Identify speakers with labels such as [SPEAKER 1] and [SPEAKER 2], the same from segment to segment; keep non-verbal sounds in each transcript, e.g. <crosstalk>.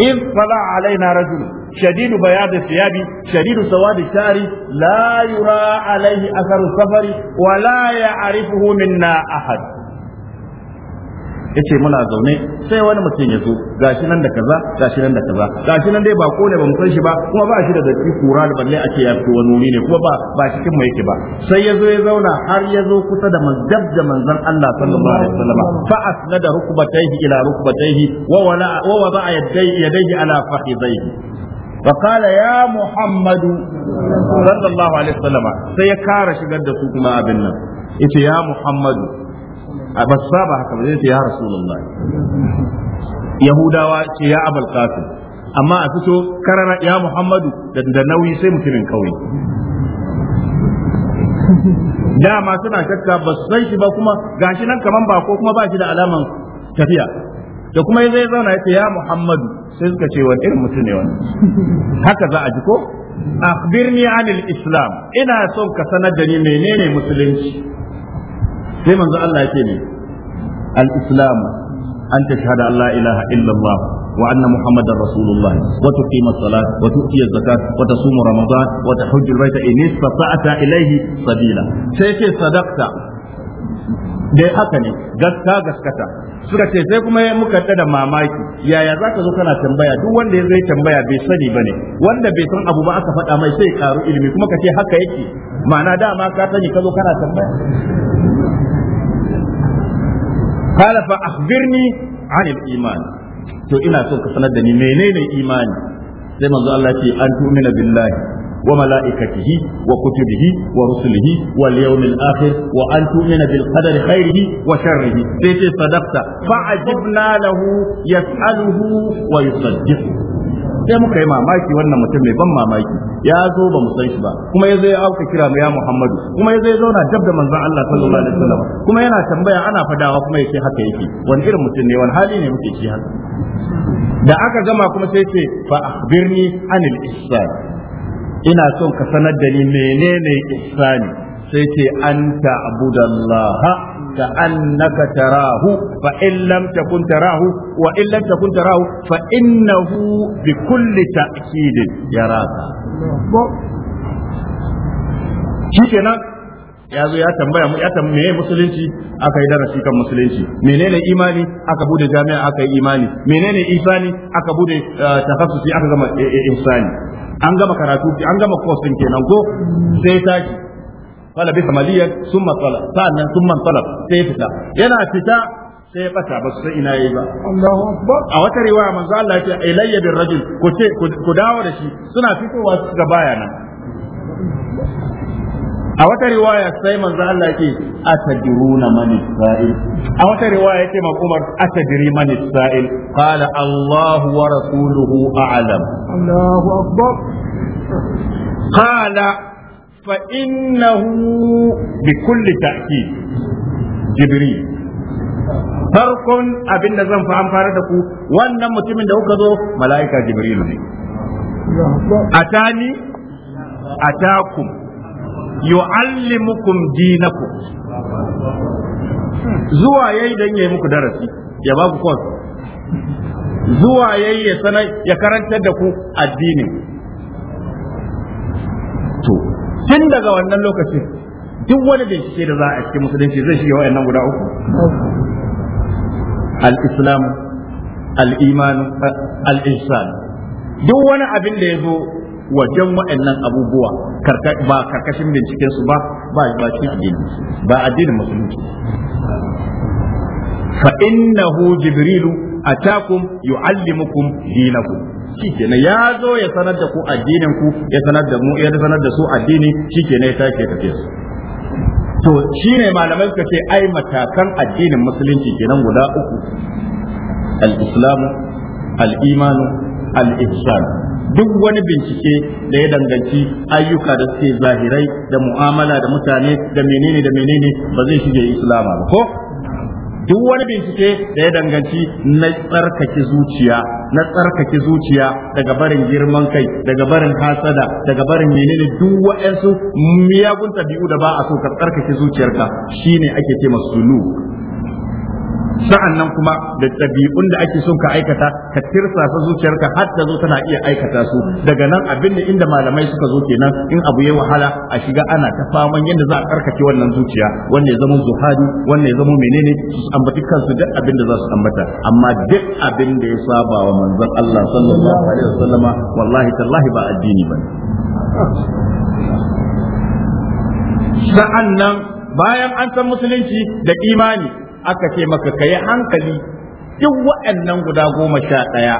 [SPEAKER 1] إذ طلع علينا رجل شديد بياض الثياب شديد سواد الشعر لا يرى عليه أثر السفر ولا يعرفه منا أحد yace muna zaune sai wani mutum ya zo gashi nan da kaza gashi nan da kaza gashi nan dai ba ko ne ba mu san shi ba kuma ba shi da datti kura da balle ake ya fito wani wuri ne kuma ba ba cikin mu yake ba sai ya zo ya zauna har ya zo kusa da manzab da manzon Allah sallallahu alaihi wasallam fa asnada rukbatayhi ila rukbatayhi wa wala wa wada'a yadayhi yadayhi ala fakhidayhi فقال يا محمد صلى الله عليه وسلم سيكار شغل دسوكما أبنا إيه يا محمد a su saba haka ba zai ce ya rasulullah yahudawa ce ya abul qasim amma a fito karara ya muhammadu da nauyi sai mutumin kauye dama suna shakka ba su san shi ba kuma gashi nan kaman ba ko kuma ba shi da alaman tafiya da kuma ya zai zauna yace ya Muhammadu sai suka ce wani irin mutum ne wani haka za a ji ko akhbirni anil islam ina son ka sanar da ni menene musulunci sai manzo Allah ya ce ne al-islam an tashhadu an la ilaha illallah wa anna muhammadar rasulullah wa tuqima as-salat wa tu'ti az-zakat wa tasum ramadan wa tahujju al-bayta in istata'ta ilayhi sabila sai ce sadaqta dai haka ne gaska gaskata suka ce sai kuma muka ta da mamaki yaya za ka zo kana tambaya duk wanda ya zai tambaya bai sani bane wanda bai san abu ba aka faɗa mai sai karu ilimi kuma ka ce haka yake ma'ana dama ka sani ka zo kana tambaya qala fa akhbirni an al-iman to ina so ka sanar da ni menene imani sai manzo Allah ce an tu'mina billahi wa malaikatihi wa kutubihi wa rusulihi wal yawmil akhir wa an tu'mina bil qadari khairihi wa sharrihi sai ce sadaqta fa ajibna lahu yas'aluhu wa yusaddiquhu sai muka yi mamaki wannan mutum mai ban mamaki ya zo ba mu san shi ba kuma ya zo ya auka kira mu ya Muhammadu kuma ya zo ya zauna dab da manzon Allah sallallahu alaihi wasallam kuma yana tambaya ana fadawa kuma yake haka yake wani irin mutum ne wani hali ne muke ci haka da aka gama kuma sai ce fa akhbirni anil ihsan ina son ka sanar da ni menene ihsani sai ce anta Abudallah. كأنك تراه فإن لم تكن تراه وإن لم تكن تراه فإنه بكل تأكيد يراك شكرا ya zo ya tambaya ya tambaye musulunci aka yi darasi kan musulunci menene imani aka bude jami'a aka yi imani menene isani aka bude takassusi aka gama ihsani an gama karatu an gama course kenan ko sai taki fala bi samaliyan summa tsala sa'annan summa tsala sai fita yana fita sai ya bata ba sai ina yi ba Allahu akbar a wata riwaya manzo Allah ya ce ilayya bir rajul ku ce ku dawo da shi suna fitowa su ga baya nan a wata riwaya sai manzo Allah yake atadruna man sa'il a wata riwaya yake ma Umar atadri man sa'il qala Allahu wa rasuluhu a'lam Allahu akbar qala فإنه بكل تأكيد جبريل farkon abin da zan fi fara da ku wannan mutumin da kuka zo mala'ika jibril ne atani atakum yu'allimukum dinakum zuwa yayi dan muku darasi ya ba ku zuwa ya sanar ya karantar da ku addinin tun daga wannan lokacin duk wani da bincike da za a cikin musulunci zai shiga wayannan guda uku al-islam al-iman al-ihsan duk wani abin da ya zo wajen nan abubuwa ba karkashin binciken su ba ba ba cikin addini ba addinin musulunci fa innahu jibrilu atakum yu'allimukum dinakum shikenan ya zo ya sanar da ku addinin ku ya sanar da mu ya sanar da su addini shikenan ya take tafiya su to shine malamai suka ce ai matakan addinin musulunci kenan guda uku al-islam al-iman al-ihsan duk wani bincike da ya danganci ayyuka da suke zahirai da mu'amala da mutane da menene da menene ba zai shige islama ba ko duk wani bincike da ya danganci na tsarkake zuciya na tsarkake zuciya daga barin girman kai daga barin hasada daga barin menene duk wa'ansu miyagun tabi'u da ba a so ka tsarkake zuciyarka shine ake ce masu sa'annan kuma da ɗabi'un da ake son ka aikata ka tirsasa zuciyarka har ta zo tana iya aikata su daga nan abin da inda malamai suka zo kenan in abu ya wahala a shiga ana ta faman yadda za a karkace wannan zuciya wanda ya zama zuhari wanda ya zama menene su ambaci kansu duk abin da za su ambata amma duk abin da ya saba wa manzon Allah sallallahu alaihi wasallama wallahi tallahi ba addini bane sa'annan bayan an san musulunci da imani aka ce maka ka yi hankali duk wa'annan guda goma sha ɗaya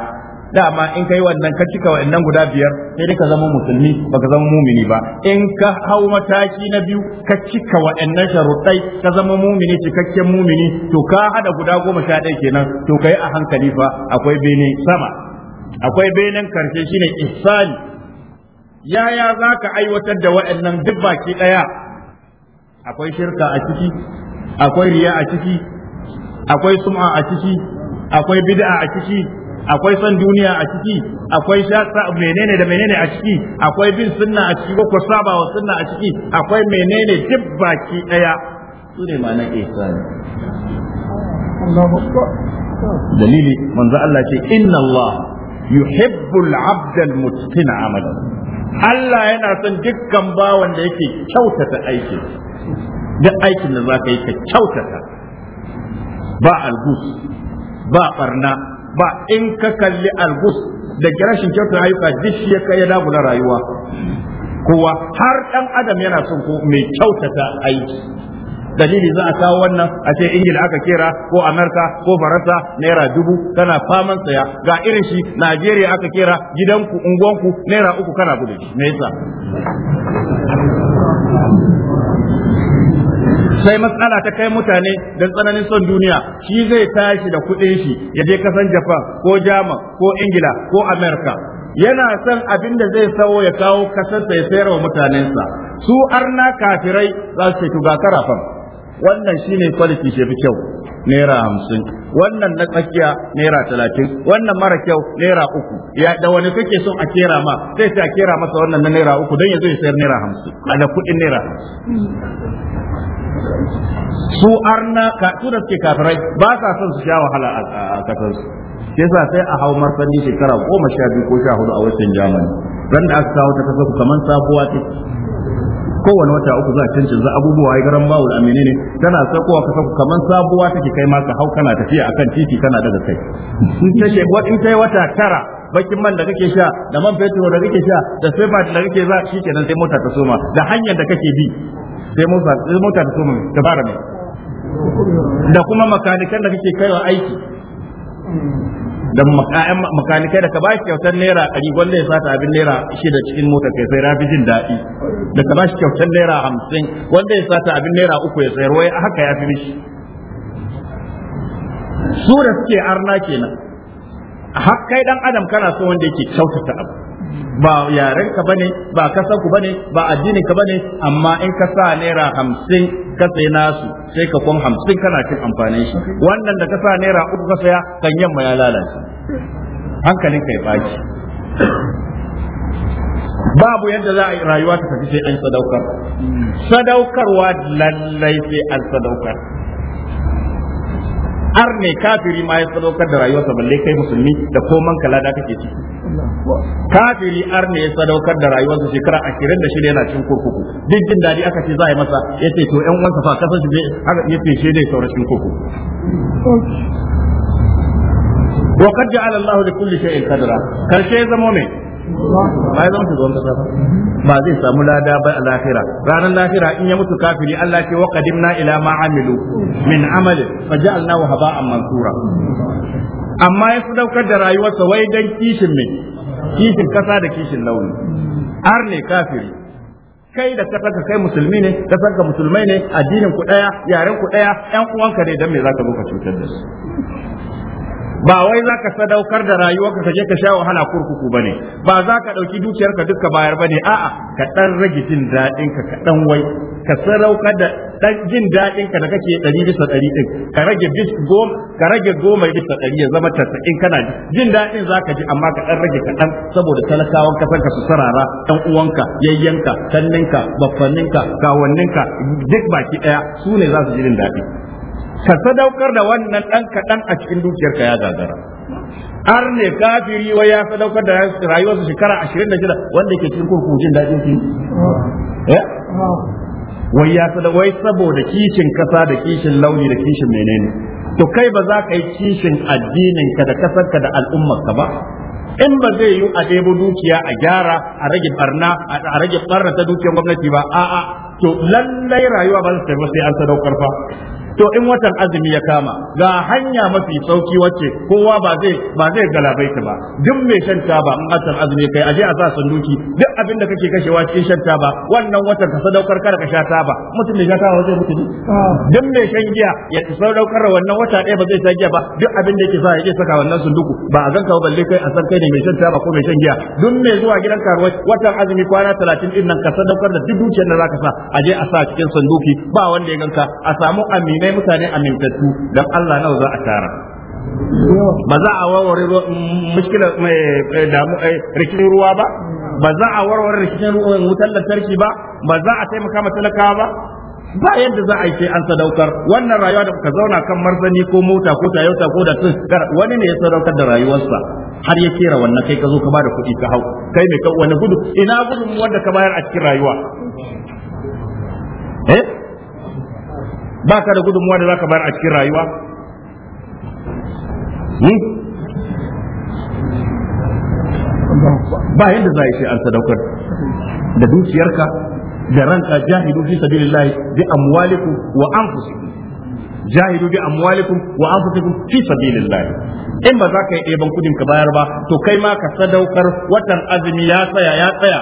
[SPEAKER 1] dama in ka yi wannan ka cika wa'annan guda biyar sai dai ka zama musulmi ba ka zama mumini ba in ka hau mataki na biyu ka cika wa'annan sharuɗai ka zama mumini cikakken mumini to ka hada guda goma sha ɗaya kenan to ka yi a hankali fa akwai bene sama akwai benen karshe shine isali yaya za ka aiwatar da wa'annan duk baki ɗaya akwai shirka a ciki akwai riya a ciki akwai sum'a a ciki akwai bid'a a ciki akwai son duniya a ciki akwai shasa menene da menene a ciki akwai bin sunna a ciki ko saba wa sunna a ciki akwai menene duk baki daya su ne ma'anar ihsani dalili manzo Allah ce inna Allah yuhibbul 'abda al-mutqina 'amala Allah yana son dukkan bawan da yake kyautata aikin duk aikin da zaka yi ka kyautata ba algus ba barna ba in ka kalli algus da rashin kyautar ayyuka duk shi ya kai ya dagula rayuwa kowa har dan adam yana son ko mai kyautata aiki dalili za a kawo wannan a ce ingila aka kera ko amerika ko faransa naira dubu kana faman saya ga irin shi najeriya aka kera gidanku unguwanku naira uku kana gudu me yasa sai matsala ta kai mutane don tsananin son duniya shi zai tashi da kuɗin shi ya je kasan Japan ko jama ko Ingila ko Amerika yana son abin da zai sawo ya kawo kasarsa ya sayar wa mutanensa su arna kafirai za su ce to ga karafan wannan shine kwaliti shi fi kyau naira hamsin wannan na tsakiya naira talatin wannan mara kyau naira uku ya da wani kake son a kera ma sai sai a kera masa wannan na naira uku don ya zo ya sayar naira hamsin a da kuɗin naira
[SPEAKER 2] hamsin
[SPEAKER 1] su arna su da suke kafirai ba sa son su sha wahala a kasarsu yasa sai a hau martani shekara goma sha biyu ko sha hudu a wajen jamani ran da aka kawo ta kasa kamar sabuwa ce kowane wata uku za a za abubuwa ya garan bawul amine ne tana sakowa ka sako kamar sabuwa take kai ma ka hau kana tafiya akan titi kana daga kai in ta ce in wata tara bakin man da kake sha da man fetur da kake sha da sefa da kake za shi kenan sai mota ta soma da hanyar da kake bi sai mota sai mota ta kuma ta fara mai da kuma makanikan da kake kaiwa aiki da makanikai da ka ba shi kyautar naira ɗari wanda ya sata abin naira da cikin motar kai sai rafi jin daɗi da ka ba shi kyautar naira hamsin wanda ya sata abin naira uku ya sayar wai haka ya fi mishi su da suke arna kenan har kai dan adam kana so wanda yake kyautata abu ba yaren ka bane ba kasan ku bane ba addini ka bane amma in ka sa naira hamsin ka sai nasu sai ka kwan hamsin kana cin amfanin shi wannan da ka sa naira uku ka saya kan yamma ya lalace hankalin ka ya baki babu yadda za a yi rayuwa ta tafi sai an sadaukar sadaukarwa lallai sai an sadaukar arne kafiri ma ya sadaukar da rayuwarsa balle kai musulmi da koman kalada kake ciki kafiri arne ya sadaukar da rayuwarsa shekara ne yana cin kurkuku duk jin dadi aka ce za a yi masa ya ce to yan uwansa fa kasan shi ya feshe dai sauran cin kurkuku وقد جعل الله لكل شيء قدرا كل zamo زمونه ba ya zama shugaban kasa ba zai samu lada ba a lahira ranar lahira in ya mutu kafiri Allah ke wa qadimna ila ma amilu min amalin fa ja'alnahu haba'an mansura amma ya sadaukar da rayuwarsa wai dan kishin me kishin kasa da kishin launi har ne kafiri kai da ka saka kai musulmi ne ka musulmai ne addinin ku daya yaren ku daya yan uwanka ne dan me zaka zo ka cutar da su ba wai za ka sadaukar da rayuwarka ka je ka sha wahala kurkuku bane ba za ka ɗauki dukiyarka duka bayar bane a'a ka ɗan rage jin daɗinka ka ɗan wai ka sadaukar da ɗan jin daɗinka da kake ɗari bisa ɗari ɗin ka rage bis goma ka rage goma bisa ɗari ya zama tasa'in kana jin daɗin za ka ji amma ka ɗan rage ka kaɗan saboda talakawan kasar ka su sarara ɗan uwanka yayyanka sanninka baffanninka kawanninka duk baki ɗaya su ne za su ji jin daɗi ka sadaukar da wannan ɗan kaɗan a cikin dukiyarka ya gagara har ne kafiri wai ya sadaukar da rayuwarsa shekara ashirin da shida wanda ke cikin kurkuku jin daɗin shi wai ya wai saboda kishin kasa da kishin launi da kishin menene to kai ba za ka yi kishin addinin ka da kasarka da al'ummar ka ba in ba zai yi a debo dukiya a gyara a rage barna a rage barna ta dukiyar gwamnati ba a'a to lallai rayuwa ba za ta sai an sadaukar fa to in watan azumi ya kama ga hanya mafi sauki wacce kowa ba zai ba zai ta ba duk mai shan taba in watan azumi kai aje a sa sanduki, duk abin da kake kashewa cikin shan taba wannan watan ka sadaukar kar ka sha taba mutum mai sha taba zai mutu ne duk mai shan giya ya sadaukar wannan wata ɗaya ba zai sha giya ba duk abin da yake sa yake saka wannan sunduku ba a zanka balle kai a san kai ne mai shan taba ko mai shan giya duk mai zuwa gidan karuwa watan azumi kwana 30 din nan ka sadaukar da duk dukiyar da zaka sa aje a sa cikin sanduki ba wanda ya ganka a samu amina dai mutane amintattu dan Allah nawa za a tara ba za a warware mushkilar rikicin ruwa ba ba za a warware rikicin wutar lantarki ba ba za a taimaka ma talakawa ba ba yadda za a yi sai an sadaukar wannan rayuwa da ka zauna kan marzani ko mota ko tayota ko da tun wani ne ya sadaukar da rayuwarsa har ya kera wannan kai ka zo ka bada kuɗi ka hau kai mai ka wani gudu ina gudun wanda ka bayar a cikin rayuwa eh Ba ka da gudunmuwa da za ka bayar a cikin rayuwa hmm? ba yadda za a yi an sadaukar da dukiyarka da ranka jahidu fi sabilillahi bi amwalikum wa anfusikum jahidu bi amwalikum wa anfusikum fi sabilillah in ba za ka yi ɗeban kudin ka bayar ba to kai ma ka sadaukar watan azumi ya tsaya ya tsaya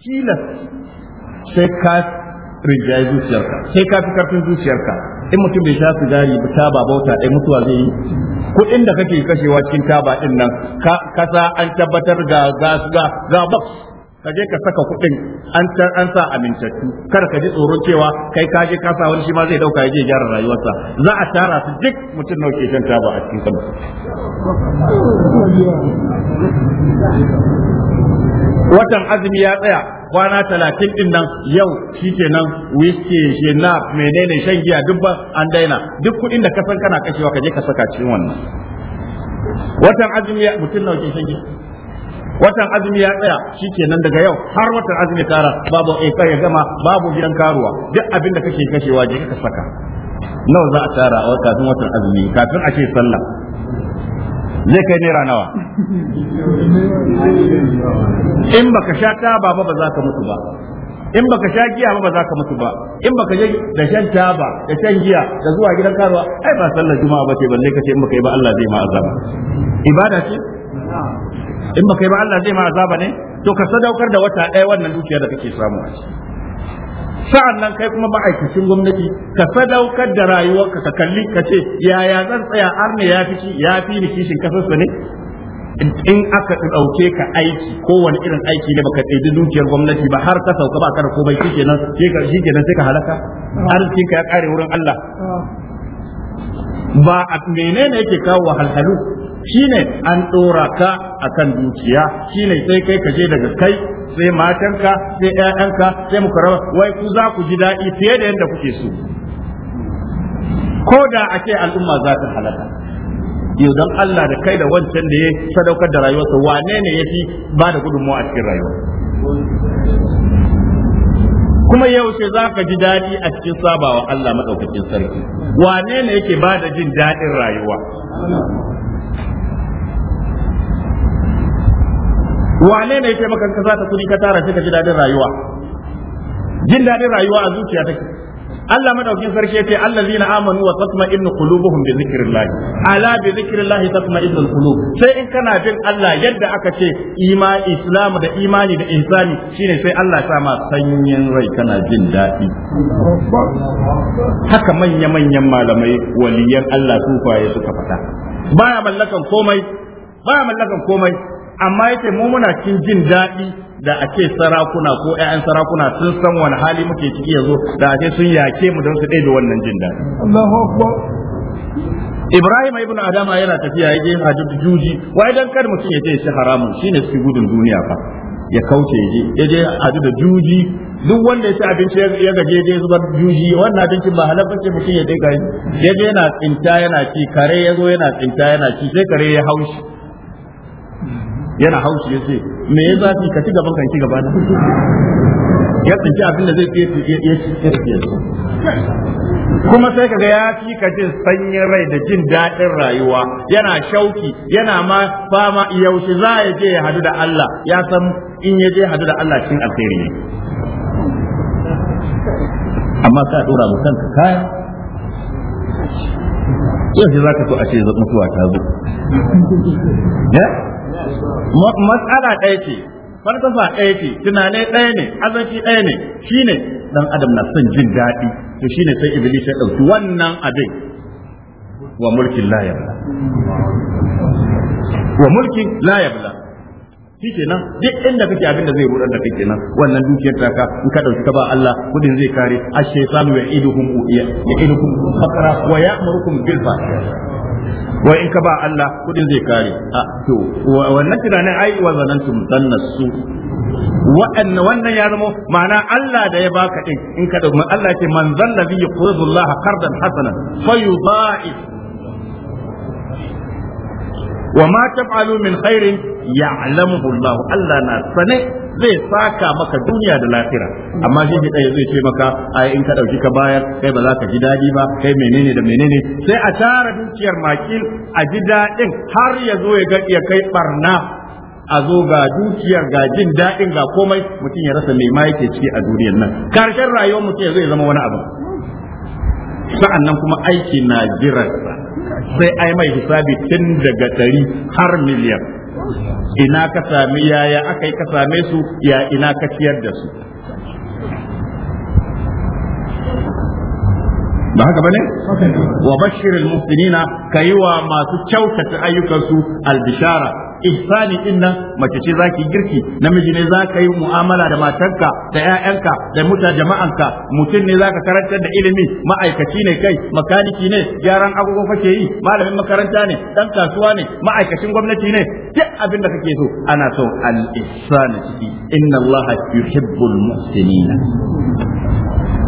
[SPEAKER 1] kila sai ka ya yi zuciyarka sai ka fi karfin zuciyarka in mutum bai sha sigari ba taba bauta ɗaya mutuwa zai yi kuɗin da kake kashewa cikin taba din nan kasa an tabbatar ga ga ga box ka je ka saka kuɗin an an sa amintattu kar ka ji tsoron cewa kai ka je kasa wani shi ma zai dauka ya je gyara rayuwarsa za a tara su duk mutum nawa ke shan taba a cikin watan azumi ya tsaya kwana talatin din nan yau shi nan wiske na menene shan giya dubban an daina duk kuɗin da ka san kana kashewa ka je ka saka cikin wannan watan azumi ya mutum nawa ke shan giya watan azumi ya tsaya shi nan daga yau har watan azumi tara babu aika ya gama babu gidan karuwa duk abin da kake kashewa je ka saka nawa za a tara a kafin watan azumi kafin a ce sallah zai kai naira nawa in baka sha taba ba ba za ka mutu ba in baka sha giya ba ba za ka mutu ba in baka je da shan taba da shan giya da zuwa gidan karuwa ai ba sallar juma'a ba ce balle kace in baka yi ba Allah zai ma azaba ibada ce in baka yi ba Allah zai ma azaba ne to ka sadaukar da wata ɗaya wannan dukiya da kake samu a ciki sa'an nan kai kuma ma'aikacin gwamnati ka sadaukar da rayuwarka ka kalli ka ce yaya zan tsaya har ne fi ya fi ni kishin kasarsa ne in aka ɗauke ka aiki kowane irin aiki ne baka tsaye dukiyar gwamnati ba har ka sauka ba kada komai shi kenan shi kenan sai ka halaka arzikin ka ya ƙare wurin Allah ah. ba a menene yake kawo wa wahalhalu shine an dora ka akan dukiya shine sai kai ka je daga kai sai matanka sai ƴaƴanka sai muka raba wai ku za ku ji daɗi fiye da yadda kuke so ko da a ce al'umma za ta halaka yau don Allah da kai da wancan da ya sadaukar da rayuwarsa wane ne fi ba da gudunmawa a cikin rayuwa kuma yau sai za ka ji daɗi a cikin sabawa Allah maɗaukakin sarki wane ne yake ba da jin daɗin rayuwa wane ne yake maka kasa ta kudi ka tara sai ka ji dadin rayuwa jin dadin rayuwa a zuciya take Allah madaukin sarki yace allazina amanu wa tatma'innu qulubuhum bi zikrillah ala bi zikrillah tatma'innu alqulub sai in kana bin Allah yadda aka ce ima islam da imani da insani shine sai Allah ya ma sanyin rai kana jin daɗi haka manya manyan malamai waliyan Allah sufaye suka fata baya mallakan komai baya mallakan komai amma yace mu muna cikin jin daɗi da a ce sarakuna ko ƴaƴan sarakuna sun san wani hali muke ciki yanzu da a ce sun yake mu don su ɗebe wannan jin daɗi Allahu akbar Ibrahim ibn Adama yana tafiya yake hajjat juji wai dan kar mutum ya ce shi haramun shine su gudun duniya fa ya kauce yaje yaje hadu da juji duk wanda ya ci abinci ya gaje je zubar juji wannan abincin ba halal ce mutum ya dai gani yaje yana tsinta yana ci kare yazo yana tsinta yana ci sai kare ya haushi yana haushi ya ce me ya zafi ka ci gaban kanki gaba na ya tsinci abin da zai fiye ya fiye kuma sai kaga ya fi ka jin sanyin rai da jin daɗin rayuwa yana shauki yana ma fama yaushe za ya je ya hadu da Allah ya san in ya je hadu da Allah cikin alheri ne amma ka dora mu kanka kaya yaushe za ka so a ce mutuwa ta zo matsala ɗaya ce falsafa ɗaya ce tunane ɗaya ne azanci ɗaya ne shine dan adam na son jin daɗi to shine sai iblis ya ɗauki wannan abin wa mulkin la wa mulkin la yabla kenan duk inda kake abin da zai rudar da kake nan wannan dukiyar taka in ka dauki ka ba Allah kudin zai kare ash ya ya'iduhum uya ya'idukum fakra wa ya'murukum bil fahsha wai in ka ba Allah kudin zai kare a to wannan tunanin ai wa zanantum dannasu wa'anna wannan ya zama ma'ana Allah da ya baka din in ka dauki Allah ce man zallabi yuqridu Allah qardan hasanan fayudha'if wa ma taf'alu min khairin ya'lamuhu Allah Allah na sane zai saka maka duniya da lafira amma shi ne ɗaya zai ce maka ai in ka ɗauki ka bayar kai ba za ka ji daɗi ba kai menene da menene sai a tara dukiyar makil a ji daɗin har ya zo ya ya kai barna a zo ga dukiyar ga jin daɗin ga komai mutum ya rasa mai ma yake ciki a duniyar nan karshen rayuwar mutum zai zama wani abu sa'an nan kuma aiki na jiransa sai ai mai hisabi tun daga ɗari har miliyan ina ka sami yaya aka yi ka same su ya ina ka ciyar da su ba haka bane wa bashiril muhsinina kayi wa masu kyautata ayyukansu albishara ihsani din nan mace ce zaki girki namiji ne zaka yi mu'amala da matarka da 'ya'yanka da muta jama'anka mutum ne zaka karantar da ilimi ma'aikaci ne kai makaniki ne gyaran agogo kake yi malamin makaranta ne dan kasuwa ne ma'aikacin gwamnati ne duk abin da kake so ana son al-ihsan ciki inna Allaha yuhibbul muhsinin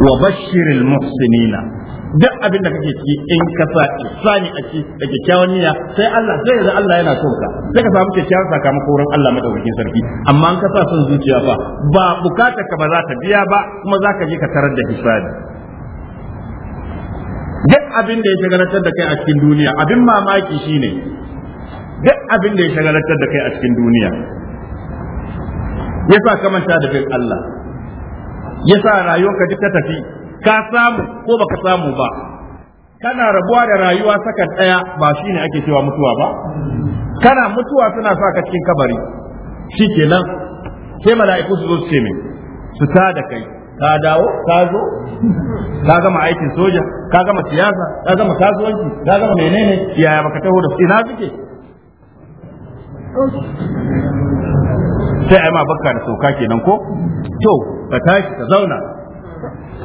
[SPEAKER 1] wa bashshiril muhsinina duk abin da kake ciki in ka sa isani a ciki da kyakkyawan niyya sai Allah sai yanzu Allah yana son ka sai ka samu kyakkyawan sakamako wurin Allah madaukakin sarki amma in ka sa son zuciya fa ba bukatar ka ba za ta biya ba kuma za ka je ka tarar da hisabi duk abin da ya shagaltar da kai a cikin duniya abin mamaki shine duk abin da ya shagaltar da kai a cikin duniya yasa ka manta da bin Allah yasa rayuwarka duk ta tafi ka samu ko baka samu ba kana rabuwa da rayuwa saka ɗaya ba shine ake cewa mutuwa ba kana mutuwa suna sa ka cikin kabari kenan, sai mala'iku su zo su ce su ta da kai ka dawo ka zo ka gama aikin soja ka gama siyasa ka gama kasuwanci ka gama menene yaya baka taho da ina suke sai ai ma bakka da sauka kenan ko to ka tashi ka zauna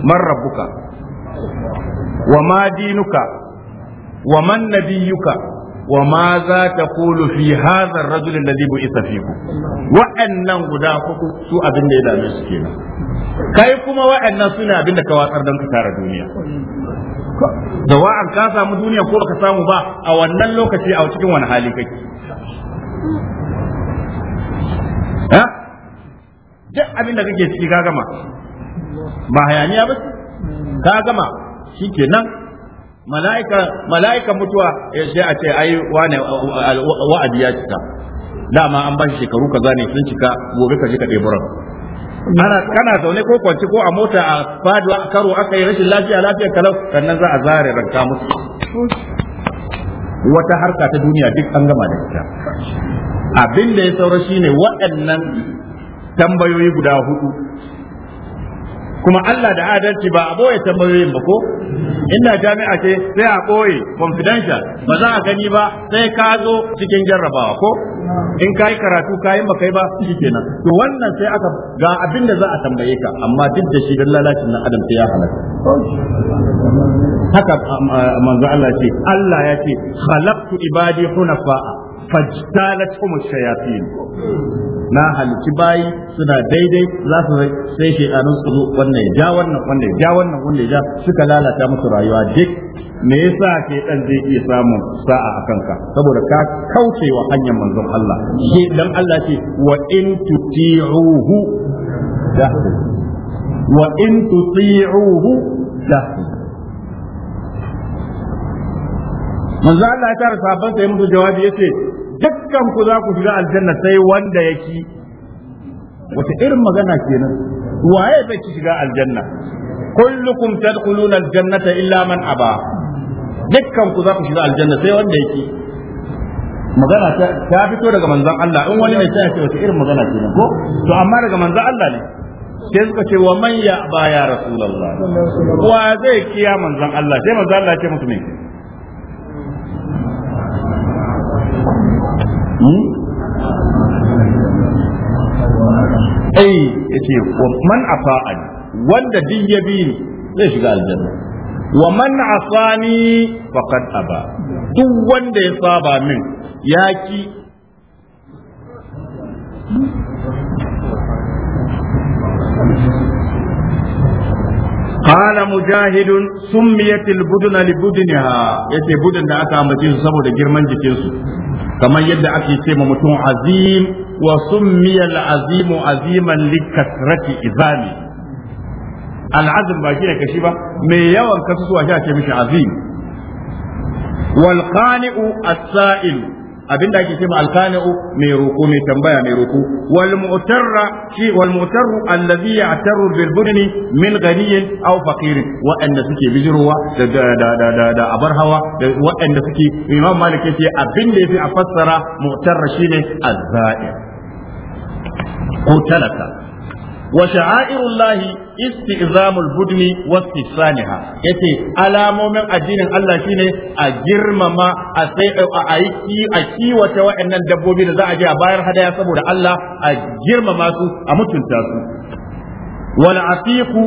[SPEAKER 1] man rabbuka wa ma dinuka wa man nabiyyuka wa ma za ta kulu fi hadha ar-rajul alladhi bu'itha fikum wa'annan guda hudu su abin da ya dame su kenan kai kuma wa'annan suna abin da ka watsar dan ka tara duniya da wa'an ka samu duniya ko baka samu ba a wannan lokaci a cikin wani hali kake duk abin da kake ciki ka gama ba hayaniya ba ka gama ke nan. mala'ika mutuwa ya eh, sai a ce ai wane wa'adi ya cika dama an ba shi shekaru ka zane sun cika gobe ka je ka ɗebi kana zaune ko kwanci ko a mota a faduwa karo aka yi rashin lafiya lafiya kalau sannan za a zare ranka musu wata harka ta duniya duk an gama da ita abin da ya saura shine waɗannan tambayoyi guda hudu kuma Allah da adalci ba a boye tambayoyin ba ko inda jami'a ce sai a boye confidential ba za a gani ba sai ka zo cikin jarrabawa ko in kai karatu kayan ba kai ba shikenan to wannan sai aka ga abin da za a tambaye ka amma duk da shi lalacin na adam sai ya halaka haka um, uh, manzo Allah ce Allah ya ce khalaqtu ibadi hunafa'a fajtalat hum shayatin na halici bayi suna daidai za su sai shedanun su zo wannan ya ja wannan wannan ja wannan wannan ja suka lalata musu rayuwa duk me yasa ke dan zai iya samun sa'a a kanka saboda ka kauce wa hanyar manzon Allah shi dan Allah ce wa in tuti'uhu wa in tuti'uhu manzo Allah ya tara sabon sai musu jawabi yace dukkan ku za ku shiga aljanna sai wanda yake wata irin magana kenan waye bai ki shiga aljanna kullukum tadkhuluna aljannata illa man aba dukkan ku za ku shiga aljanna sai wanda yake magana ta fito daga manzon Allah in wani mai sai ce wata irin magana kenan ko to amma daga manzon Allah ne sai suka ce wa man ya ba ya rasulullah wa zai kiya manzon Allah sai manzon Allah ya ce musu ai hmm? eh, yace man afa'a wanda din ya bi ni zai shiga aljanna wa man asani faqad aba duk wanda ya saba min yaki قال مجاهد سميت البدن لبدنها يتي بدن da aka ambace su saboda girman jikinsu kamar yadda ake ce ma mutum azim wa summiya azimu aziman likasrati izami al'azim ba shi ne kashi ba mai yawan kasusuwa shi ake mishi azim wal qani'u as-sa'ilu abinda ake cewa alqani'u mai roko mai tambaya mai roko wal mu'tarra shi wal mu'tarru allazi ya'taru bil budni min ghaniyin aw faqirin wa'anda suke bijirowa da da da da abar hawa da wa'anda suke imam malik yace abinda yafi a fassara mu'tarra shine azza'ir ko talaka wa sha'airullahi istizamul budni wastisaniha yace alamomin addinin Allah shine a girmama a kiwata waɗannan dabbobi da za a je a bayar hadaya saboda Allah a girmama su a mutunta su wal atiqu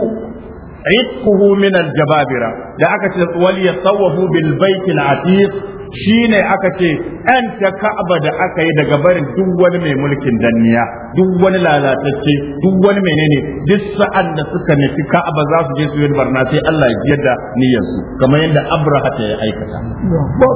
[SPEAKER 1] itquhu min jababira da aka ce wal yatawafu bil baitil atiq shine aka ce ta ka'aba da aka yi daga barin duk wani mai mulkin danniya duk wani lalatacce duk wani menene duk sa'an da suka nufi ka'aba za su je su yi barna sai Allah ya biyar da niyyarsu kamar yadda Abraha ta ya aikata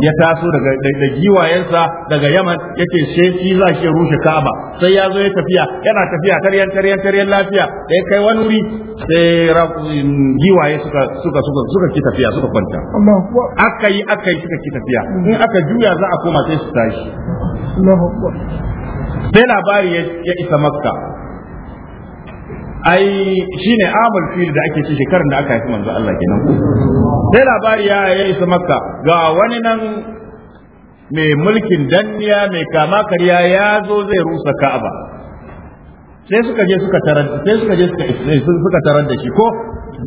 [SPEAKER 1] ya taso daga da giwayensa daga Yaman yake she shi za shi rushe ka'aba sai ya zo ya tafiya yana tafiya taryan taryan taryan lafiya da ya kai wani wuri sai giwaye suka suka suka suka ki tafiya suka kwanta aka yi aka yi suka ki tafiya in aka juya za a koma sai sai tashi sai labari ya isa makka ai ne amur fil da ake ci shekarun da aka haifi manzo Allah kenan sai labari ya ya isa makka ga wani nan mai mulkin danniya mai kama karya ya zo zai rusa ka'aba sai suka je suka tarar sai suka je suka eh, suka tarar da shi ko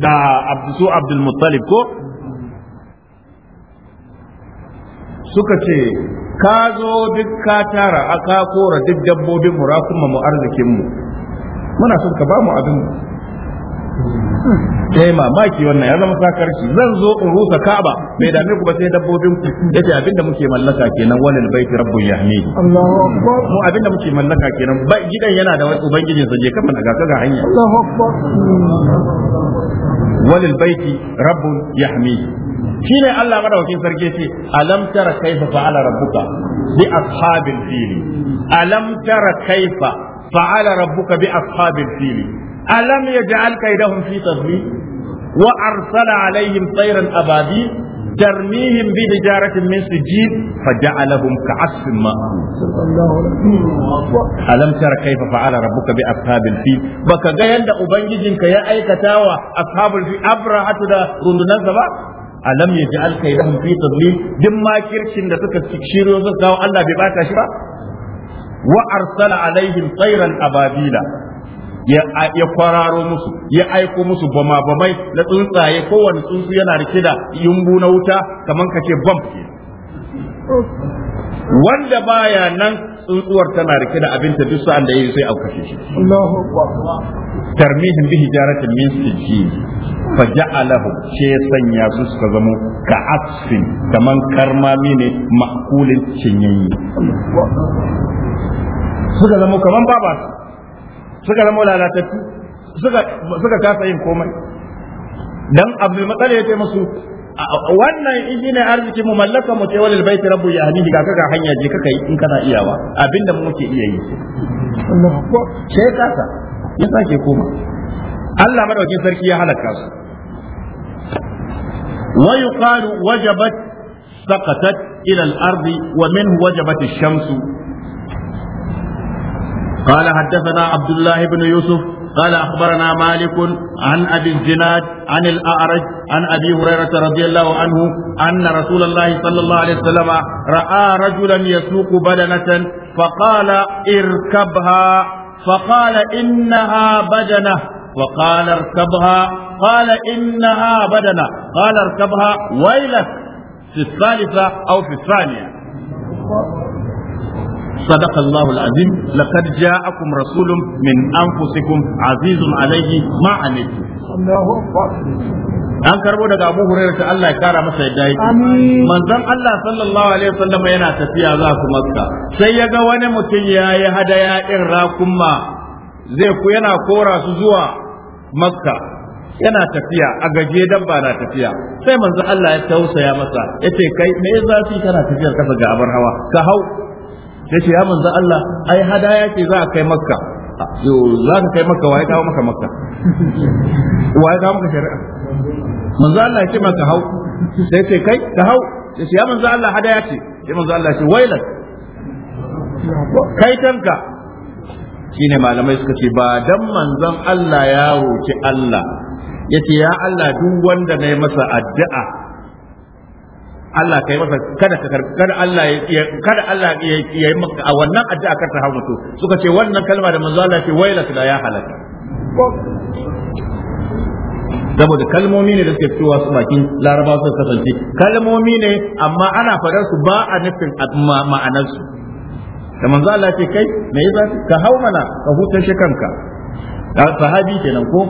[SPEAKER 1] da abdusu abdul muttalib ko suka ce ka zo duk ka tara a ka kora duk dabbobin mu mu arzikin mu muna son ka ba mu abin ta yi mamaki wannan ya zama sakarci zan zo in rusa kaba Mai dame ku ba sai dabbobin ku yace abinda muke mallaka kenan walil baiti rabbun ya Allahu akbar mu abinda muke mallaka kenan ba gidan yana da wani ubangijin sa je kafa gasa kaga hanya
[SPEAKER 2] Allahu akbar
[SPEAKER 1] walil baiti rabbun Shi shine Allah madaukakin sarki ce alam tara kaifa fa'ala rabbuka bi ashabil fili alam tara kaifa fa'ala rabbuka bi ashabil fili alam yaj'al kaidahum fi tadlil wa arsala alaihim tayran ababil ترميهم بحجارة من سجيل فجعلهم كعصف مأكول ألم ترى كيف فعل ربك بأصحاب الفيل بك جاين أبنجيك يا أي كتاوى أصحاب الفيل أبرهة رندنا زبا alam ya ji alkaidahum fi tadlil din makircin da suka shiryo suka kawo Allah bai bata shi ba wa arsala alaihim ababila ya kwararo musu ya aiko musu bama bamai na tsuntsaye kowane tsuntsu yana rike da yumbu na wuta kamar ka ce bam wanda baya nan tsuntsuwar tana rike da abinta duk sa'an da yi sai a shi Allahu akbar min sijji fa ja'alahu sanya su suka zama ka asfin kaman karmami ne makulin cinyayi suka zamo kaman babas suka zama lalatattu suka kasa yin komai dan abdul matsala ya ce musu wannan shi ne arzikin mu mallaka mu tewal albayt rabbu ya hanihi ga hanya je kaka yi in kana iyawa abinda muke iya yi Allahu ko sai kasa ya sake koma Allah madaukin sarki ya halaka su wa yuqalu wajabat saqatat ila al-ardi wa minhu wajabat ash-shamsu قال حدثنا عبد الله بن يوسف قال أخبرنا مالك عن أبي الزناد عن الأعرج عن أبي هريرة رضي الله عنه أن رسول الله صلى الله عليه وسلم رأى رجلا يسوق بدنة فقال اركبها فقال إنها بدنة وقال اركبها قال إنها بدنة قال اركبها ويلك في الثالثة أو في الثانية صدق الله العظيم لقد جاءكم رسول من أنفسكم عزيز عليه ما عنتم الله أكبر an karbo daga Abu Hurairah ta Allah ya kara masa yadda yake manzon Allah sallallahu alaihi wasallam yana tafiya za su Makka sai ya ga wani mutum ya yi hadaya irin rakumma zai ku yana kora su zuwa Makka yana tafiya a gaje dabba na tafiya sai manzon Allah ya tausaya masa yace kai me zafi kana tafiyar kasa ga abar hawa ka hau yace ya manzo Allah ai hadaya ce za a kai makka ah, yo za ka kai makka waye kawo maka makka <laughs> waye kawo maka shari'a manzo Allah ya yace maka hau sai ce kai ka hau ya ce ya manzo Allah hadaya ce ya manzo Allah ya ce wailak kai tanka shine malamai suka ce ba dan manzon Allah ya roki Allah yace ya Allah duk wanda na yi masa addu'a Allah kai masa kada ka kada Allah ya kada Allah ya yi maka a wannan addu'a kar ta hawo mutu suka ce wannan kalma da manzo Allah ce wailak da ya halaka saboda kalmomi ne da suke fitowa su bakin larabawa su kasance kalmomi ne amma ana fadar su ba a nufin ma'anar su da manzo Allah ce kai me yasa ka hau mana ka hutar shi kanka sahabi kenan ko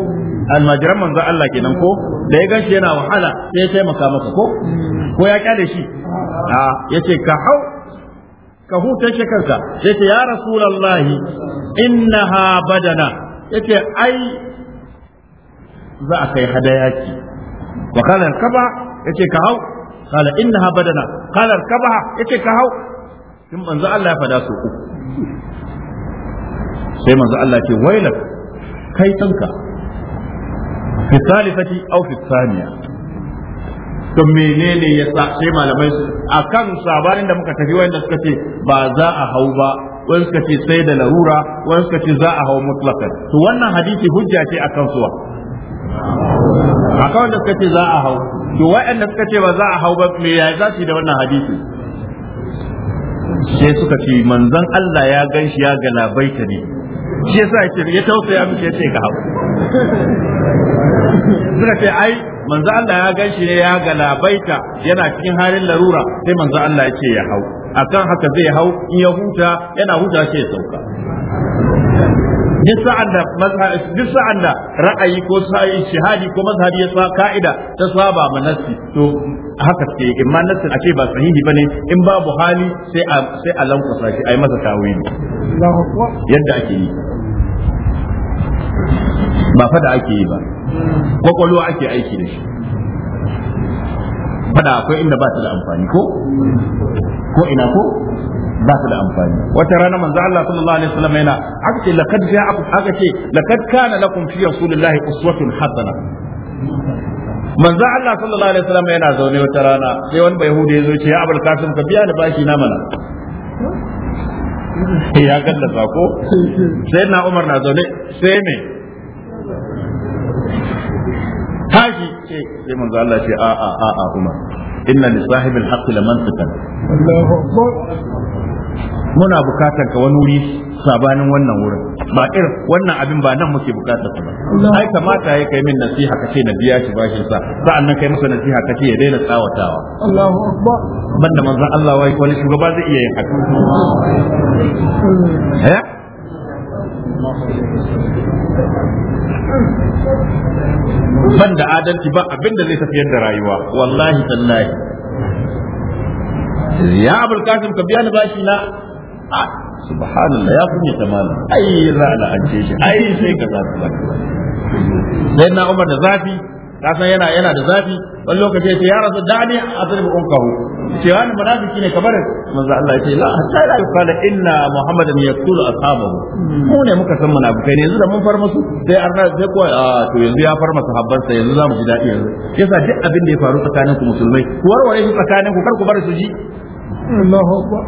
[SPEAKER 1] almajiran manzo Allah kenan ko da ya gashi yana wahala sai ya taimaka maka ko ko ya kyale shi a yace ka hau ka huta shi kanka yace ya rasulullahi innaha badana yace ai za a kai hadaya ki wa kana kaba yace ka hau kala innaha badana kala kaba yace ka hau in manzo Allah ya fada su uku sai manzo Allah ce wailak kai kanka fi salifati aw fi thaniya to menene ya sa sai malamai akan sabarin da muka tafi wanda suka ce ba za a hau ba wani suka ce sai da larura wani suka ce za a hau mutlaqan to wannan hadisi hujja ce akan suwa akan wanda suka ce za a hau to waɗanda suka ce ba za a hau ba me ya za su yi da wannan hadisi sai suka ce manzon Allah ya ganshi ya galabaita ne shi yasa ya ya tausaya miki yace ka hau <laughs> suka ce ai manzo Allah ya ganshi ne ya galabaita yana cikin halin larura sai manzo Allah ya ce ya hau akan haka zai hau in ya huta yana huta sai ya sauka duk sa'an da duk sa'an da ra'ayi ko sai shahadi ko mazhabi ya sa ka'ida ta saba ma nassi to haka ke in ma nassi a ce ba sahihi bane in babu hali sai a sai a lankwasa shi ai masa tawili yadda ake yi ba fada ake yi ba kwakwalwa ake aiki da shi fada akwai inda ba ta da amfani ko ko ina ko ba su da amfani wata rana manzo Allah sallallahu alaihi wasallam yana aka ce laqad ja'akum aka ce laqad kana lakum fi rasulillahi uswatun hasana manzo Allah sallallahu alaihi wasallam yana zaune wata rana sai wani bai hude ya zo ce ya abul kasim ka biya ni bashi na mana <laughs> ya gallaza ko sai na Umar na zaune sai me tashi ce sai manzo Allah ce a a a Umar inna li sahibil haqqi lamantiqan muna bukatar ka wani wuri sabanin wannan wurin ba ir wannan abin ba nan muke bukatar ba ai kamata ya kai min nasiha kace na biya shi bashin sa sa'annan kai masa nasiha kace ya daina tsawatawa Allahu akbar banda manzon Allah wai wani shugaba zai iya yin haka eh ban da adalci ba abin da zai tafiyar da rayuwa wallahi tallahi ya abul kasim ka biya ni bashi na subhanallah ya kunye ta ai za a la'ance shi ai sai ka za sai na umar da zafi kasan yana yana da zafi wani lokaci ya ce ya rasu dani a zurbi unkahu cewa Wani munafiki ne kamar manzo Allah ya ce la hatta la yuqala inna muhammadan yaqtulu ashabahu mu ne muka san munafikai ne yanzu da mun far musu sai arna sai ko ah, to yanzu ya far masa habban yanzu za mu ji dadi yanzu yasa duk abin da ya faru tsakanin ku musulmai ku warware shi tsakanin ku kar ku bar su ji Allahu akbar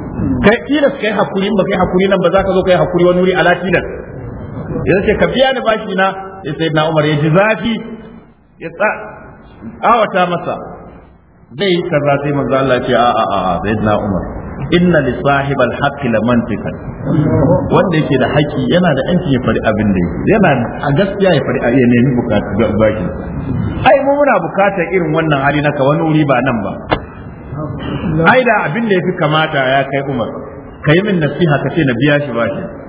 [SPEAKER 1] kai kira kai hakuri ba kai hakuri nan ba za ka zo kai hakuri wani wuri alatinan yanzu ce ka biya ni bashi na sai na Umar ya ji zafi ya awata masa zai yi kaza sai manzo Allah ce a a a sayyidina Umar inna li sahibal haqqi la mantiqan wanda yake da haƙi yana da yanki ya fari abin da yake yana a gaskiya ya fari ya nemi bukatu ga baki ai mu muna bukatar irin wannan hali naka wani wuri ba nan ba ai da abin da yake kamata ya kai Umar kai min nasiha kace na biya shi bashi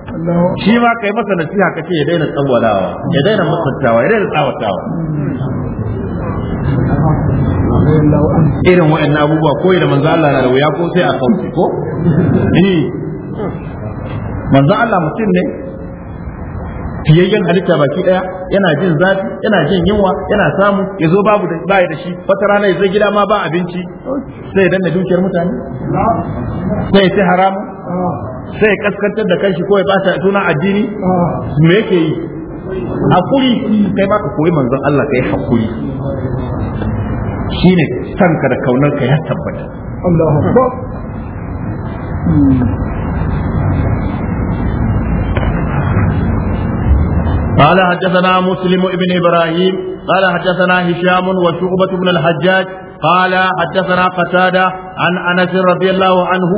[SPEAKER 1] shi ma kai masa nasiha kace ya daina tsawalawa ya daina mutuntawa ya daina tsawatawa irin wa'annan abubuwa ko da manzo Allah na da ko sai a kauce ko ni eh. manzo Allah mutum ne fiyayyen halitta baki daya yana jin zafi yana jin yunwa yana samu ya zo babu da bai da shi wata rana ya zo gida ma ba abinci sai danna dukiyar mutane sai ta haramu sai kaskantar da kanshi ko ya bata suna addini me yake yi hakuri kai ba ka koyi manzon Allah kai hakuri shine kanka da kaunar ka ya tabbata Allahu akbar hmm. قال حدثنا مسلم بن ابراهيم قال حدثنا هشام وشعبة بن الحجاج قال حدثنا قتادة عن أنس رضي الله عنه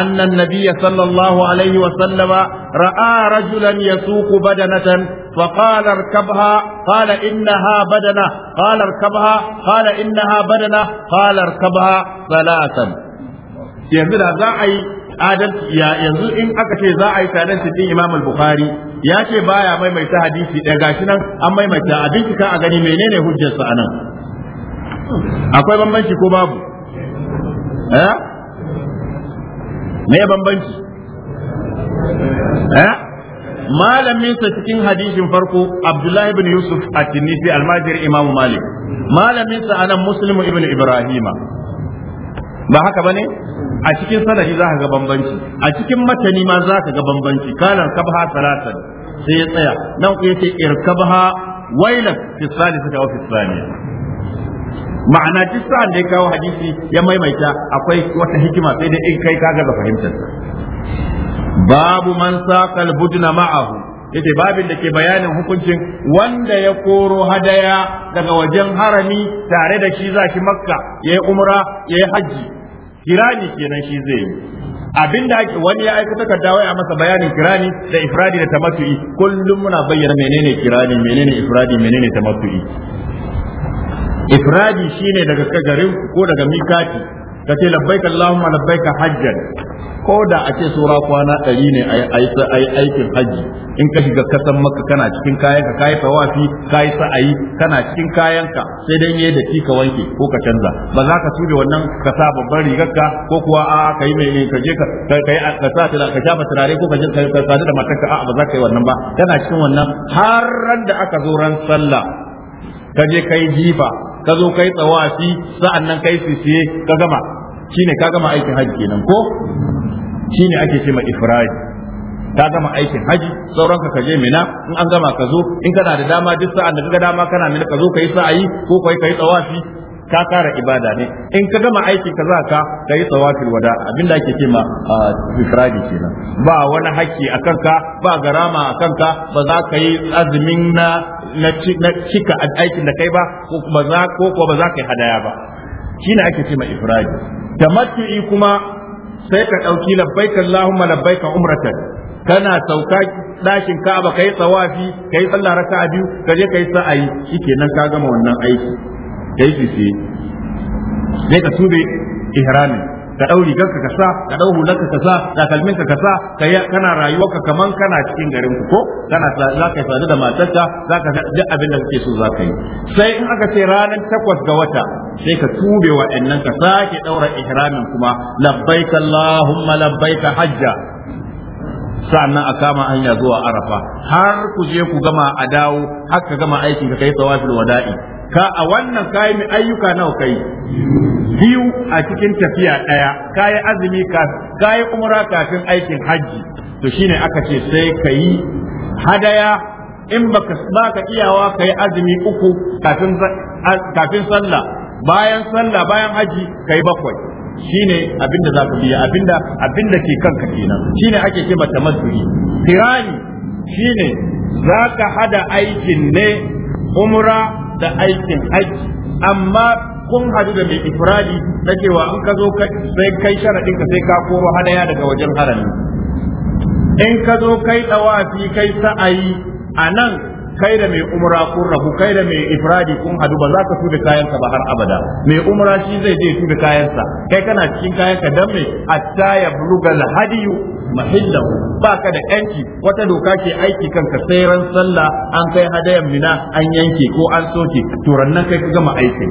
[SPEAKER 1] أن النبي صلى الله عليه وسلم رأى رجلا يسوق بدنة فقال اركبها قال إنها بدنة قال اركبها قال إنها بدنة قال اركبها ثلاثا yanzu da za a yi adalci ya yanzu in aka ce za a yi da din Imam al-Bukhari ya ce baya maimaita hadisi ɗaya gashi nan an maimaita a bincika a gani menene sa anan akwai bambanci ko babu eh me bambanci eh malamin sa cikin hadisin farko Abdullah ibn Yusuf at-Tinisi al-Majri Imam Malik malamin sa anan Muslim ibn Ibrahim. ba haka ba ne a cikin sanadi za ka ga bambanci a cikin matani ma za ka ga bambanci kalan kabha salatan sai ya tsaya nan ku yace irkabha wailak fi salisata wa fi ma'ana duk sa'an da ya kawo hadisi ya maimaita akwai wata hikima sai dai in kai ka ga fahimtar babu man saqal budna ma'ahu yace babin da ke bayanin hukuncin wanda ya koro hadaya daga wajen harami tare da shi zaki makka yayi umra yayi hajji. kirani kenan shi zai yi abinda ake wani ya aika takarda wai a masa bayanin kirani da ifradi da tamattu'i kullum muna bayyana menene kirani menene ifradi menene tamattu'i ifradi shine daga garin ko daga mikati ka ce labbaika Allahumma labbaika hajjan ko da a ce sura kwana ɗari ne a yi aikin hajji in ka shiga kasan maka kana cikin kayan ka kayi tawafi kayi sa'ayi kana cikin kayan ka sai dan yayi da ka wanke ko ka canza ba za ka tube wannan ka sa babban rigarka ko kuwa a ka yi mai ka je ka kai ka sa tira ka shafa turare ko ka je ka sadu da matarka a ba za ka yi wannan ba kana cikin wannan har ran da aka zo ran sallah ka je kai jifa ka zo kai tsawafi sa'annan kai sisiye ka gama shine ka gama aikin haji kenan ko shine ake ce ma ifradi ka gama aikin haji sauran ka je mina in an gama ka zo in kana da dama duk sa'an da kaga dama kana mina ka zo kai sa'ayi ko kai kai tsawafi ka kara ibada ne in ka gama aikinka ka za ka ka yi tsawafin wada abinda ake ce ma ifradi kenan ba wani haƙƙi a kanka ba garama a kanka ba za ka yi azumin na na cika aikin da kai ba ko ba za ko ko ba za ka yi hadaya ba shine ake ce ma ifradi tamattu'i kuma sai ka dauki labbaika allahumma labbaika umratan kana sauka ɗakin ka'aba kai tsawafi kai sallah raka'a biyu ka je kai sa'ayi shikenan ka gama wannan aiki kai fice sai ka tube ihramin ka dau rigar ka kasa ka ɗau hular ka kasa takalmin ka kasa kai kana rayuwar ka kaman kana cikin garin ku ko kana za ka sadu da matarka za ka duk abin da kake so za ka yi sai in aka ce ranar takwas ga wata sai ka tube wa'annan ka sake daura ihramin kuma labbaika allahumma labbaika hajja sa'annan a kama hanya zuwa arafa har ku je ku gama a dawo har ka gama aikin ka kai tsawafil wada'i ka a wannan kayi mai ayyuka nawa kai biyu a cikin tafiya ɗaya kayi azumi ka kayi umra kafin aikin hajji to shine aka ce sai kayi hadaya in baka baka iyawa kai azumi uku kafin kafin sallah bayan sallah bayan haji kai bakwai shine abinda za ka biya abinda abinda ke kanka kenan shine ake ce mata masuri kirani shine za ka hada aikin ne umra da aikin haji amma kun hadu da mai ifradi na cewa in ka zo sai kai sharadin ka sai ka koro hadaya daga wajen harami in ka zo kai tsawafi kai sa'ayi a nan kai da mai umra kun rahu, kai da mai ifradi kun hadu ba za ka tuda kayansa ba har abada mai umra shi zai je tuda kayansa kai kana cikin kayanka dan me hatta ya buluga hadiyu ba baka da yanki wata doka ke aiki kanka sai ran sallah an kai hadayan mina an yanke ko an soke to rannan kai ka gama aikin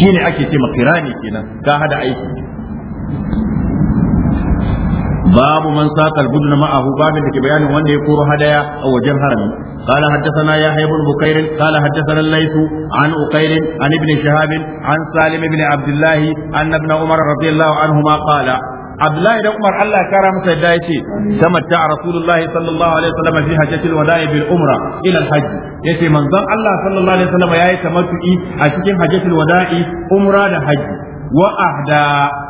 [SPEAKER 1] shine ake ce makirani kenan ka hada aiki باب من ساق البدن معه باب لك بيان وان يكور هدايا او وجه هرمي قال حدثنا يحيى بن بكير قال حدثنا الليث عن أقيل عن ابن شهاب عن سالم بن عبد الله أن ابن عمر رضي الله عنهما قال Abdullahi da Umar Allah ya kara masa yadda yace tamatta a. sallallahu alaihi wasallam fi hajjatil wada'i bil umra ila al hajj yace manzon Allah sallallahu alaihi wasallam yayi a cikin hajjatil wada'i umra da hajji wa ahda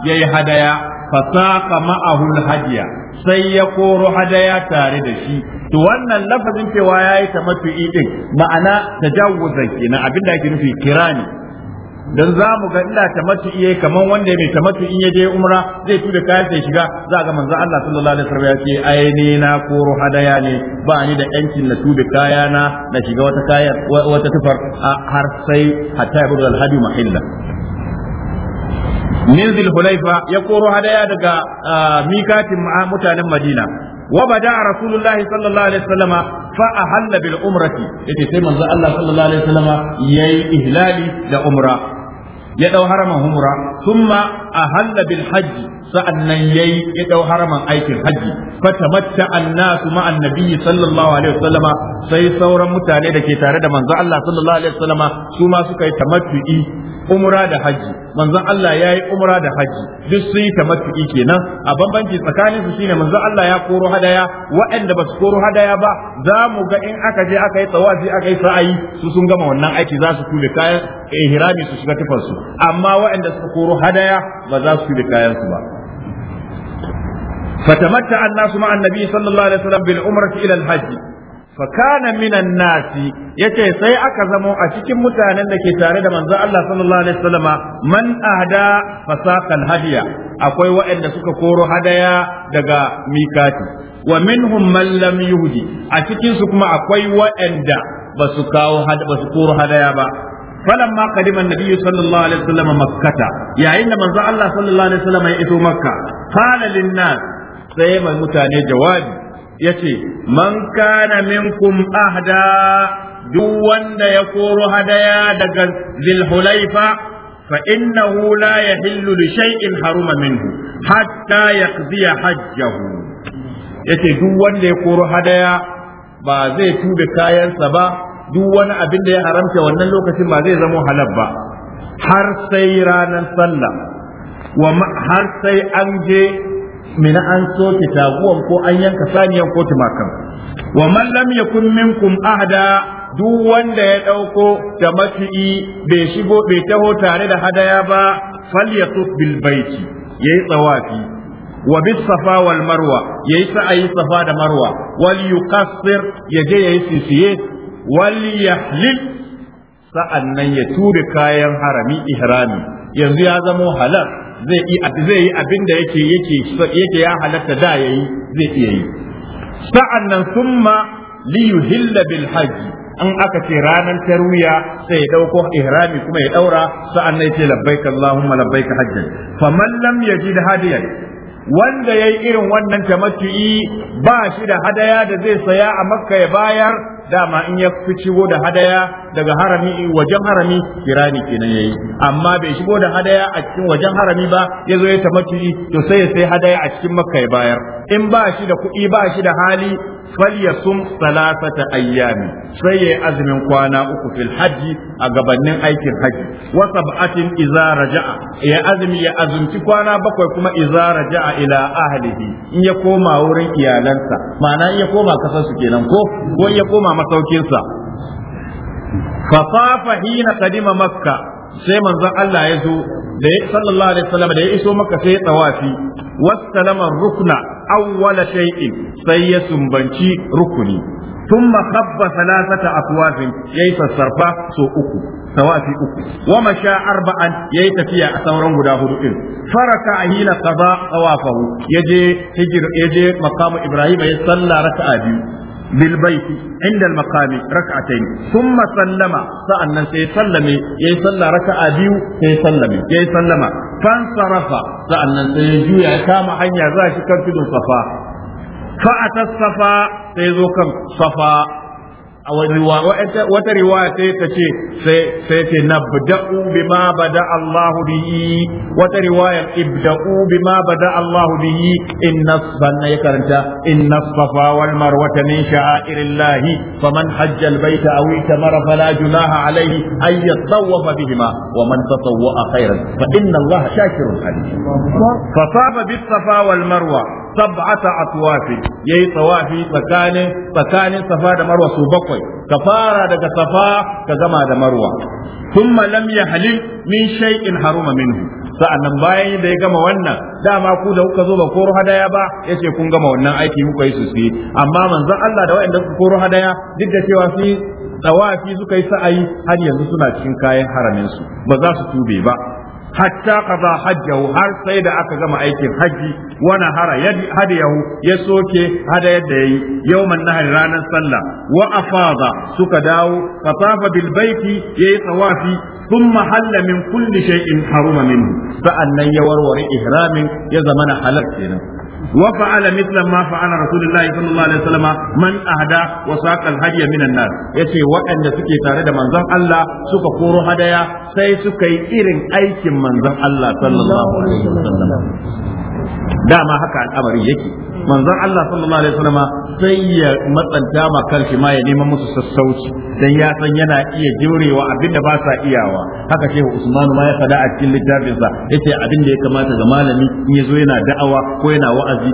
[SPEAKER 1] yayi hadaya fasaqa ma'ahu al hadiya sai ya koro hadaya tare da shi to wannan lafazin cewa yayi matu'i din ma'ana ta tajawuzan kenan abinda ake nufi ni. dan za mu ga ina tamattu iye kaman wanda mai tamattu in ya je umra zai tuda kayan sai shiga za ga manzo Allah sallallahu alaihi wasallam ya ce ai ne na koro hadaya ne ba ni da yancin na tuda kaya na na shiga wata kayan wata tufar har sai hatta yabdu al-hadi mahilla min zil hulaifa ya koro hadaya daga mikatin mutanen madina وبدا رسول الله صلى الله عليه وسلم فأهل بالعمرة يتي سيما الله صلى الله عليه وسلم ihlali da umra. يدو حرمه عمره ثم أهل بالحج Sa'an yayi ya dau haraman aikin haji fatamatta annasu ma'an nabiyyi sallallahu alaihi wasallama sai sauran mutane da ke tare da manzo Allah sallallahu alaihi wasallama su ma suka yi tamattu'i umra da hajji manzon Allah ya yi umra da hajji, duk sun yi tamattu'i kenan a bambanci tsakanin su shine manzon Allah ya koro hadaya waɗanda ba su koro hadaya ba za mu ga in aka je aka yi tsawafi aka yi sa'ayi su sun gama wannan aiki za su kule kayan ihrami su shiga tufarsu amma waɗanda suka koro hadaya ba za su kule kayan su ba فتمتع الناس مع النبي صلى الله عليه وسلم بالعمرة إلى الحج فكان من الناس yace sai aka zamo a cikin mutanen da ke tare da manzo Allah sallallahu alaihi wasallama man ahda fasaqal akwai waɗanda suka koro hadaya daga mikati wa minhum man lam yuhdi a cikin kuma akwai waɗanda ba koro hadaya ba فلما قدم النبي صلى الله عليه وسلم مكة يا إن من الله صلى الله عليه وسلم يئتوا مكة قال للناس sai mai mutane jawabi yace man kana minkum ahda duk wanda ya koro hadaya daga zulhulaifa فإنه لا يحل haruma حرم منه ya يقضي حجه yace duk wanda ya koro hadaya ba zai tube kayansa ba duk wani abin da ya haramta wannan lokacin ba zai zama halal ba har sai ranar sallah har sai an je mina an soke taguwan ko an yanka saniyan kotu maka? wa man lam yakun minkum duk wanda ya ɗauko da mafi'i bai shigo bai taho tare da hadaya ba falyatuf bil baiti yayi tsawafi wa bis safa wal marwa yayi sa'ayi safa da marwa wal yuqassir yaje yayi sisiye wal yahlil sa'an nan ya ture kayan harami ihrami yanzu ya zamo halal zai yi abin da yake yake ya halatta da yayi zai iya yi sa'an nan summa liyuhilla bil in aka ce ranar tarwiya sai ya dauko ihrami kuma ya daura sa'an nan yace labbaik allahumma labbaik hajjan faman lam da hadiyan wanda yayi irin wannan tamattu'i ba shi da hadaya da zai saya a makka ya bayar dama in ya fi shigo da hadaya daga harami wajen harami kirani kenan yayi amma bai shigo da hadaya a cikin wajen harami ba ya zo ya tamaki to sai ya sai hadaya a cikin makka ya bayar in ba shi da kuɗi ba shi da hali falyasum salasata ayyami sai yayi azumin kwana uku fil a gabannin aikin haji wa sab'atin idza raja'a ya azumi ya azumci kwana bakwai kuma idza raja'a ila ahlihi in ya koma wurin iyalansa ma'ana in ya koma kasar su kenan ko ko in ya koma masaukin sa fa safa makka sai manzon Allah ya zo da sallallahu alaihi wasallam da ya iso makka sai ya tawafi wassalama rukna awwala shay'in sai ya sumbanci rukuni ثم خب ثلاثة أكواف يي سرفا سو أكو سواء في أكو ومشى أربعا يي تفيا أثورا غدا هدوئن فركع حين قضاء طوافه يجي هجر يجي مقام إبراهيم يصلى ركعة بيو بالبيت عند المقام ركعتين ثم سلم سألنا سيسلم يسلى ركعة ديو سيسلم يسلم فانصرف سألنا سيجو يكام حين يزاشي كم في الصفا فأتى الصفا سيزو كم صفا wata riwaya sai ta ce sai ce nabda'u bima bada Allahu bihi wata riwaya ibda'u bima bada Allahu bihi inna sanna ya karanta inna safa wal marwata min sha'airillah faman hajja al baita aw itamara fala junaha alayhi ay yatawafa bihima wa man tatawwa khairan fa inna Allah shakirun alim fa saba bis safa wal marwa sab'ata atwafi yayi tawafi tsakanin tsakanin safa da marwa su bakwai ka fara daga safa ka gama da marwa thumma lam yahlil min shay'in haruma minhu sa'annan bayan da ya gama wannan dama ku da kuka zo ba koro hadaya ba yace kun gama wannan aiki muka yi sosai amma manzon Allah da waɗanda ku koro hadaya duk da cewa su tsawafi suka yi sa'ayi har yanzu suna cikin kayan haramin su ba za su tube ba hatta qada hajjahu har sai da aka gama aikin haji wa nahara hadiyahu ya soke hada yadda yayi yawman nahar ranar sallah Wa'afaza suka dawo fatafa bil baiti yayi tawafi thumma halla min kulli shay'in haruma min fa'anna yawarwari ihramin ya zamana halal kenan وفعل مثل ما فعل رسول الله صلى الله عليه وسلم من اهدى وساق الهدي من الناس يسي وان سكي تارد من ظهر الله سكا كورو هدايا سي سكي ايرن ايكم manzon Allah sallallahu alaihi wasallam dama haka al'amarin yake manzon Allah sallallahu alaihi wasallam sai ya matsanta ma kanshi ma ya neman musu sassauci dan ya san yana iya jurewa abinda ba sa iyawa haka shehu Usman ma ya fada a cikin littafin sa yace abinda ya kamata ga malami in yazo yana da'awa ko yana wa'azi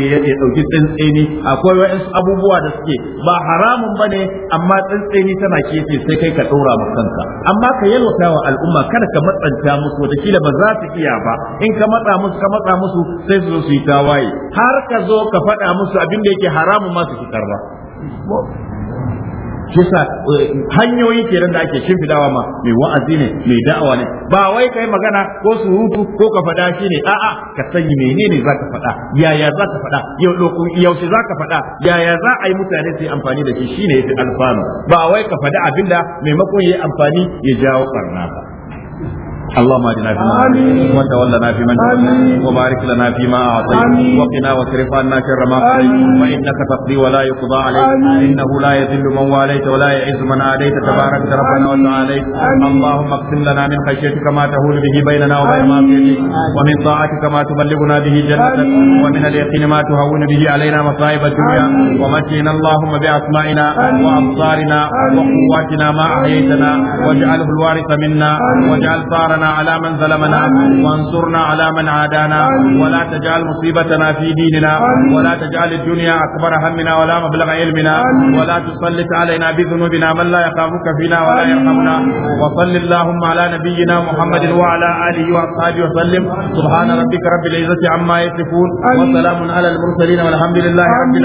[SPEAKER 1] ya dauki tsantseni akwai wa'ansu abubuwa da suke ba haramun bane amma tsantseni tana kece sai kai ka dora ma kanka amma ka yalwata wa al'umma kada ka matsanta musu wata kila ba za su iya ba in ka matsa musu ka matsa musu sai su zo su yi tawaye har ka zo ka faɗa musu abin da yake haramun masu su fitar ba kisa eh, hanyoyi kenan da ake shimfidawa ma mai wa'azi ne mai da'awa ne ba wai kai magana ko surutu ko ka faɗa shi ne a'a ka sanyi menene za ka faɗa yaya za ka faɗa yaushe za ka faɗa yaya za a yi mutane su yi amfani da shi shine yafi alfanu ba wai ka faɗa abinda maimakon ya yi amfani ya jawo ɓarna ba اللهم اهدنا في من وتولنا في من وبارك لنا فيما اعطيت وقنا واصرف عنا شر ما وانك تقضي ولا يقضى عليك انه لا يذل من واليت ولا يعز من عاديت تبارك ربنا وتعاليت اللهم اقسم لنا من خشيتك ما تهول به بيننا وبين معصيتك ومن طاعتك ما تبلغنا به جنتك ومن اليقين ما تهون به علينا مصائب الدنيا ومتعنا اللهم باسمائنا وابصارنا وقواتنا ما احييتنا واجعله الوارث منا واجعل ثارنا ولا على من ظلمنا وانصرنا على من عادانا ولا تجعل مصيبتنا في ديننا ولا تجعل الدنيا أكبر همنا ولا مبلغ علمنا ولا تسلط علينا بذنوبنا من لا يخافك فينا ولا يرحمنا وصل اللهم على نبينا محمد وعلى آله وأصحابه وسلم سبحان ربك رب العزة عما يصفون وسلام على المرسلين والحمد لله رب العالمين